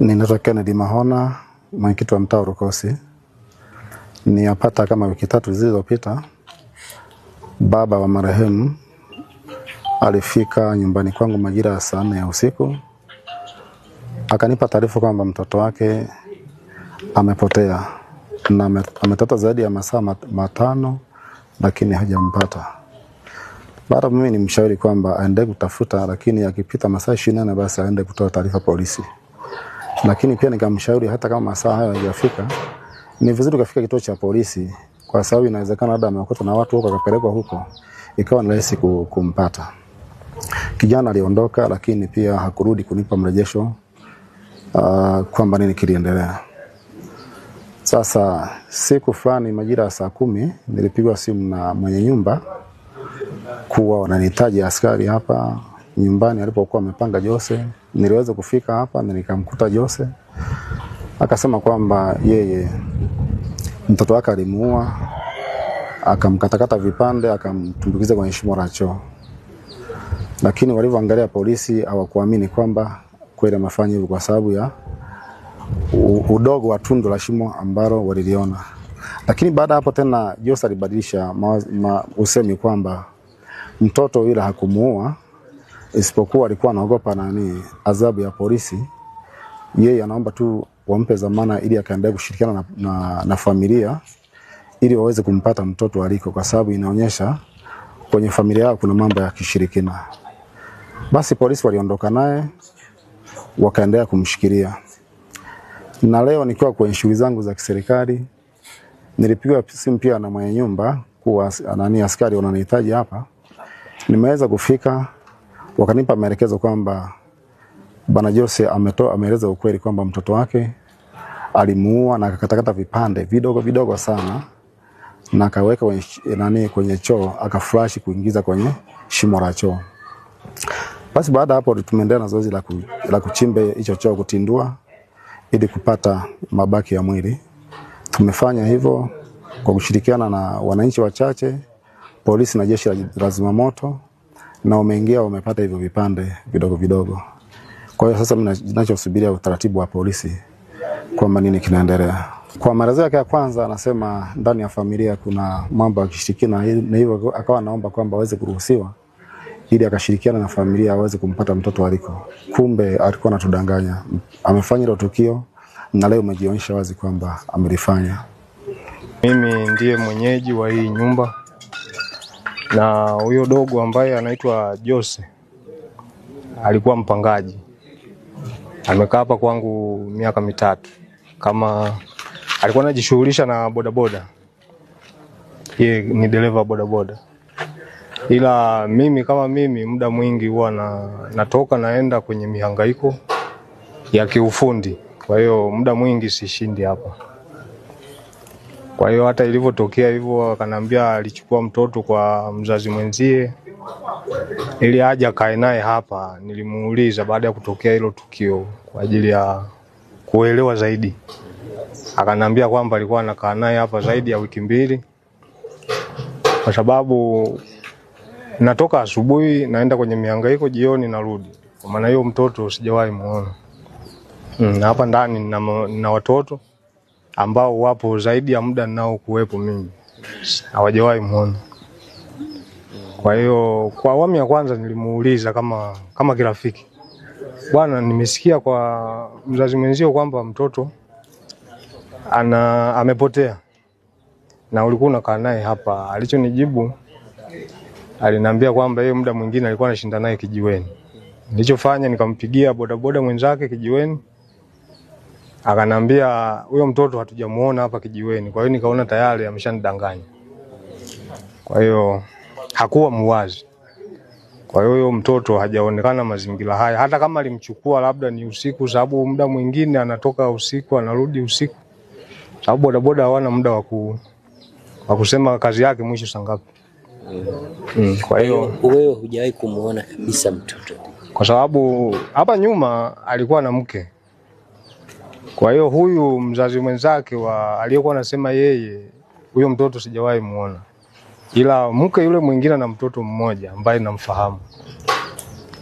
Ninaitwa Kennedy Mahona, mwenyekiti wa mtaa ni Niyapata kama wiki tatu zilizopita, baba wa marehemu alifika nyumbani kwangu majira ya saa nne ya usiku, akanipa taarifa kwamba mtoto wake amepotea na ametata zaidi ya masaa matano, lakini hajampata. Baada mimi ni mshauri kwamba aende kutafuta, lakini akipita masaa ishirini na nne basi aende kutoa taarifa polisi lakini pia nikamshauri hata kama masaa hayo hayajafika, ni vizuri kafika kituo cha polisi, kwa sababu inawezekana labda amekutwa na watu huko akapelekwa huko, ikawa ni rahisi kumpata. Kijana aliondoka, lakini pia hakurudi kunipa mrejesho uh, kwamba nini kiliendelea. Sasa siku fulani majira ya saa kumi nilipigwa simu na mwenye nyumba kuwa wananihitaji askari hapa nyumbani alipokuwa amepanga Jose. Niliweza kufika hapa na nikamkuta Jose, akasema kwamba yeye mtoto wake alimuua, akamkatakata vipande, akamtumbukiza kwenye shimo la choo. Lakini walivyoangalia polisi hawakuamini kwamba kweli amefanya hivyo kwa sababu ya udogo wa tundu la shimo ambalo waliliona. Lakini baada hapo tena Jose alibadilisha usemi kwamba mtoto yule hakumuua isipokuwa alikuwa anaogopa nani adhabu ya polisi. Yeye anaomba tu wampe dhamana ili akaendelee kushirikiana na, na, na familia ili waweze kumpata mtoto aliko, kwa sababu inaonyesha kwenye familia yao kuna mambo ya kishirikina. Basi polisi waliondoka naye wakaendelea kumshikilia, na leo nikiwa kwenye shughuli zangu za kiserikali nilipigwa simu pia na mwenye nyumba kuwa nani askari wananihitaji hapa, nimeweza kufika wakanipa maelekezo kwamba Bwana Jose ametoa ameeleza ukweli kwamba mtoto wake alimuua na akakatakata vipande vidogo vidogo sana na akaweka nani kwenye choo akaflash kuingiza kwenye shimo la choo. Basi baada hapo tumeendelea na zoezi la, ku, la kuchimba hicho choo kutindua ili kupata mabaki ya mwili. Tumefanya hivyo kwa kushirikiana na wananchi wachache, polisi na jeshi la zimamoto na umeingia wamepata hivyo vipande vidogo vidogo. Kwa hiyo sasa ninachosubiria utaratibu wa polisi kwamba nini kinaendelea. Kwa maelezo yake ya kwanza, anasema ndani ya familia kuna mambo ya kishirikina, na hivyo akawa anaomba kwamba aweze kuruhusiwa ili akashirikiana na familia aweze kumpata mtoto aliko. Kumbe alikuwa anatudanganya, amefanya hilo tukio na leo umejionyesha wazi kwamba amelifanya. Mimi ndiye mwenyeji wa hii nyumba na huyo dogo ambaye anaitwa Jose alikuwa mpangaji, amekaa hapa kwangu miaka mitatu, kama alikuwa anajishughulisha na bodaboda, yeye ni dereva bodaboda, ila mimi kama mimi, muda mwingi huwa na, natoka naenda kwenye mihangaiko ya kiufundi, kwa hiyo muda mwingi sishindi hapa. Kwa hiyo hata ilivyotokea hivyo, akanambia alichukua mtoto kwa mzazi mwenzie ili aje kae naye hapa. Nilimuuliza baada ya kutokea hilo tukio kwa ajili ya kuelewa zaidi, akanambia kwamba alikuwa anakaa naye hapa zaidi ya wiki mbili, kwa sababu natoka asubuhi naenda kwenye mihangaiko, jioni narudi. Kwa maana hiyo mtoto sijawahi muona. Hmm, hapa ndani nina watoto ambao wapo zaidi ya muda nao kuwepo mimi hawajawahi muona. Kwa hiyo kwa awamu ya kwanza nilimuuliza kama, kama kirafiki, bwana, nimesikia kwa mzazi mwenzio kwamba mtoto ana amepotea na ulikuwa unakaa naye hapa. Alichonijibu, aliniambia kwamba yeye muda mwingine alikuwa anashinda naye kijiweni. Nilichofanya nikampigia bodaboda mwenzake kijiweni akanambia huyo mtoto hatujamuona hapa kijiweni, kwa hiyo nikaona tayari ameshanidanganya. Kwa hiyo hakuwa muwazi. Kwa hiyo huyo mtoto hajaonekana mazingira haya, hata kama alimchukua labda ni usiku, sababu muda mwingine anatoka usiku anarudi usiku, sababu bodaboda hawana muda wa waku, kusema kazi yake mwisho saa ngapi. Mm. Mm. Kwa hiyo wewe hujawahi kumuona kabisa mtoto? Kwa sababu hapa nyuma alikuwa na mke kwa hiyo huyu mzazi mwenzake wa aliyekuwa anasema yeye, huyo mtoto sijawahi muona, ila mke yule mwingine na mtoto mmoja ambaye namfahamu.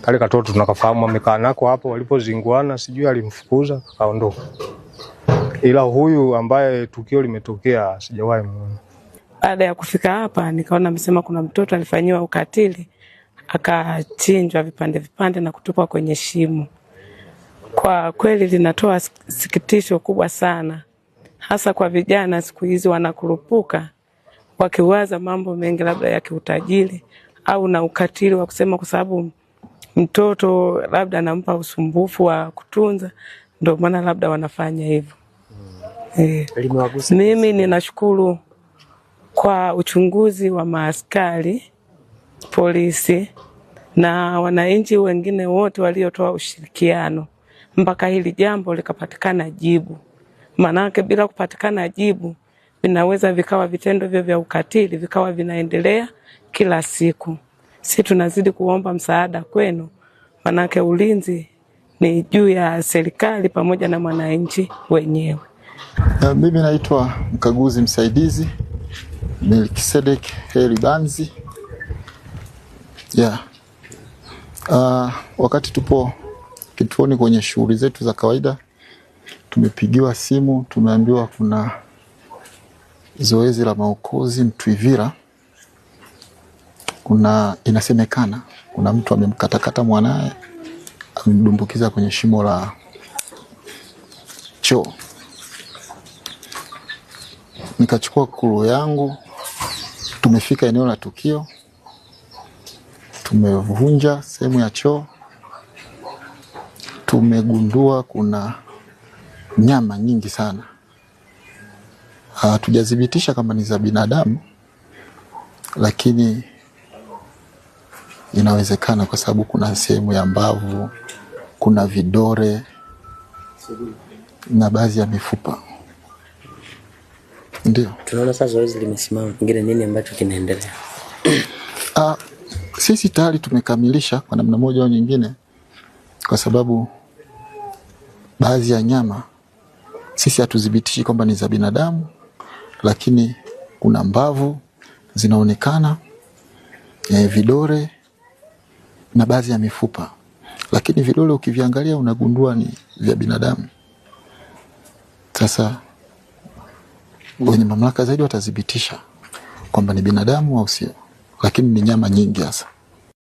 Kale katoto tunakafahamu, amekaa nako hapo walipozinguana, sijui alimfukuza akaondoka, ila huyu ambaye tukio limetokea sijawahi muona. Baada ya kufika hapa, nikaona amesema kuna mtoto alifanyiwa ukatili, akachinjwa vipande vipande na kutupwa kwenye shimo. Kwa kweli linatoa sikitisho kubwa sana, hasa kwa vijana siku hizi wanakurupuka wakiwaza mambo mengi, labda ya kiutajiri au na ukatili wa kusema, kwa sababu mtoto labda anampa usumbufu wa kutunza, ndio maana labda wanafanya hivyo. Mm. Eh, mimi ninashukuru kwa uchunguzi wa maaskari polisi na wananchi wengine wote waliotoa ushirikiano mpaka hili jambo likapatikana jibu. Maanake bila kupatikana jibu, vinaweza vikawa vitendo hivyo vya ukatili vikawa vinaendelea kila siku. Si tunazidi kuomba msaada kwenu, maanake ulinzi ni juu ya serikali pamoja na mwananchi wenyewe. mimi naitwa mkaguzi msaidizi Melkisedek Heri Banzi. Yeah. Uh, wakati tupo kituoni kwenye shughuli zetu za kawaida, tumepigiwa simu, tumeambiwa kuna zoezi la maokozi Mtwivira, kuna inasemekana kuna mtu amemkatakata mwanaye amemdumbukiza kwenye shimo la choo. Nikachukua kulu yangu, tumefika eneo la tukio, tumevunja sehemu ya choo tumegundua kuna nyama nyingi sana, ah, hatujathibitisha kama ni za binadamu, lakini inawezekana kwa sababu kuna sehemu ya mbavu, kuna vidore na baadhi ya mifupa. Ndio tunaona sasa zoezi limesimama, pengine nini ambacho kinaendelea? Ah, sisi tayari tumekamilisha kwa namna moja au nyingine, kwa sababu baadhi ya nyama sisi hatudhibitishi kwamba ni za binadamu, lakini kuna mbavu zinaonekana e, vidore na baadhi ya mifupa, lakini vidole ukiviangalia unagundua ni vya binadamu. Sasa wenye mamlaka zaidi watathibitisha kwamba ni binadamu au sio, lakini ni nyama nyingi hasa.